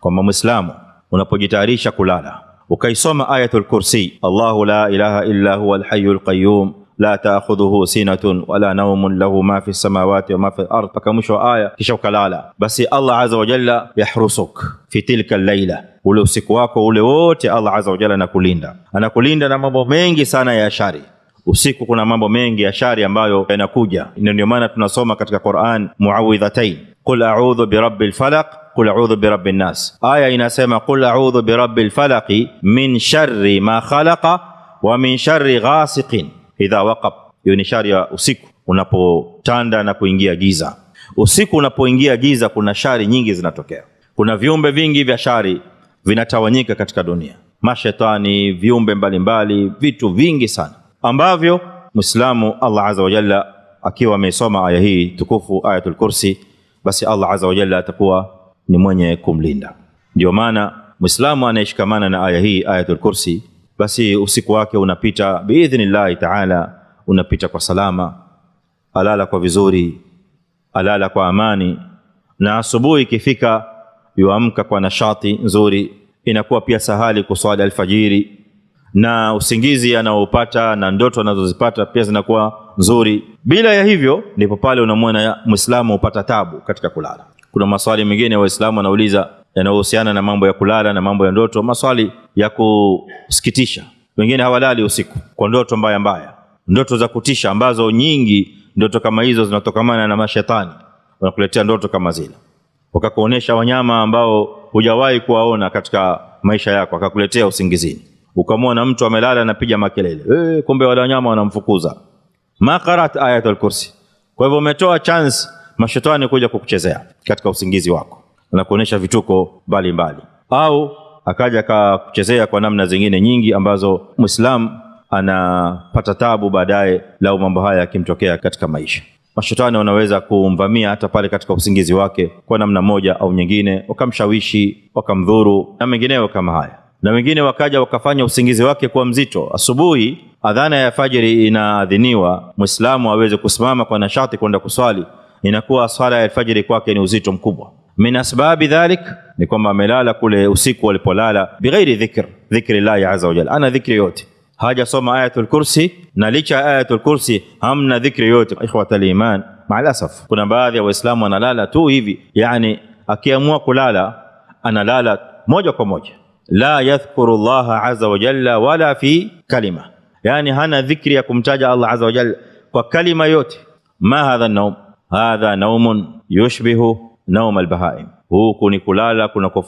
kwamba mwislamu unapojitayarisha kulala ukaisoma ayatul kursi, Allahu la ilaha illa huwa alhayyul qayyum la taakhudhuhu sinatun wala naumun lahu ma fi samawati wa fi al mpaka mwisho wa aya. Kisha ukalala, basi Allah azza wa yahrusuk fi tilka al ule usiku wako ule wote Allah azza wa anakulinda, anakulinda na mambo mengi sana ya shari. Usiku kuna mambo mengi ya shari ambayo yanakuja, ndio maana tunasoma katika Qur'an muawidhatain, qul a'udhu birabbil falaq qul a'udhu bi rabbin nas. Aya inasema qul a'udhu bi rabbil falaqi min sharri ma khalaqa wa min sharri ghasiqin idha waqab. Hiyo ni shari ya usiku unapotanda na kuingia giza. Usiku unapoingia giza, kuna shari nyingi zinatokea. Kuna viumbe vingi vya shari vinatawanyika katika dunia, mashetani, viumbe mbalimbali mbali, vitu vingi sana ambavyo Muislamu Allah azza wa jalla akiwa ameisoma aya hii tukufu, Ayatul Kursi, basi Allah azza wa jalla atakuwa ni mwenye kumlinda. Ndio maana Muislamu anayeshikamana na aya hii, Ayatul Kursi, basi usiku wake unapita biidhnillahi taala, unapita kwa salama, alala kwa vizuri, alala kwa amani, na asubuhi ikifika yuamka kwa nashati nzuri. Inakuwa pia sahali kuswali alfajiri, na usingizi anaopata na ndoto anazozipata pia zinakuwa nzuri. Bila ya hivyo, ndipo pale unamwona Muislamu upata tabu katika kulala. Kuna maswali mengine Waislamu wanauliza yanayohusiana na mambo ya kulala na mambo ya ndoto, maswali ya kusikitisha. Wengine hawalali usiku kwa ndoto mbaya mbaya, ndoto za kutisha, ambazo nyingi ndoto kama hizo zinatokamana na mashetani, wanakuletea ndoto kama zile, wakakuonesha wanyama ambao hujawahi kuwaona katika maisha yako, akakuletea usingizini, ukamwona mtu amelala anapiga makelele e, kumbe wale wanyama wanamfukuza. Maqarat ayatul kursi. Kwa hivyo umetoa chance mashetani kuja kukuchezea katika usingizi wako na kuonyesha vituko mbalimbali, au akaja akakuchezea kwa namna zingine nyingi ambazo mwislam anapata tabu baadaye, lau mambo haya yakimtokea katika maisha. Mashetani wanaweza kumvamia hata pale katika usingizi wake kwa namna moja au nyingine, wakamshawishi, wakamdhuru na mengineyo kama haya. Na wengine wakaja wakafanya usingizi wake kuwa mzito. Asubuhi adhana ya fajiri inaadhiniwa, mwislamu aweze kusimama kwa nashati kwenda kuswali inakuwa swala ya alfajiri kwake ni uzito mkubwa. Min asbabi dhalik ni kwamba amelala kule usiku walipolala, bighairi dhikr dhikri llahi azza wa jalla, ana dhikri yote hajasoma ayatul kursi, na licha ya ayatul kursi hamna dhikri yote. Ikhwatal iman, maalasaf kuna baadhi ya Waislamu analala tu hivi, yani akiamua kulala analala moja kwa moja, la yadhkuru llaha azza wa jalla wala fi kalima, yani hana dhikri ya kumtaja Allah azza wa jalla kwa kalima yote. Ma hadha naum هذا نوم يشبه نوم البهائم هو كوني كلالا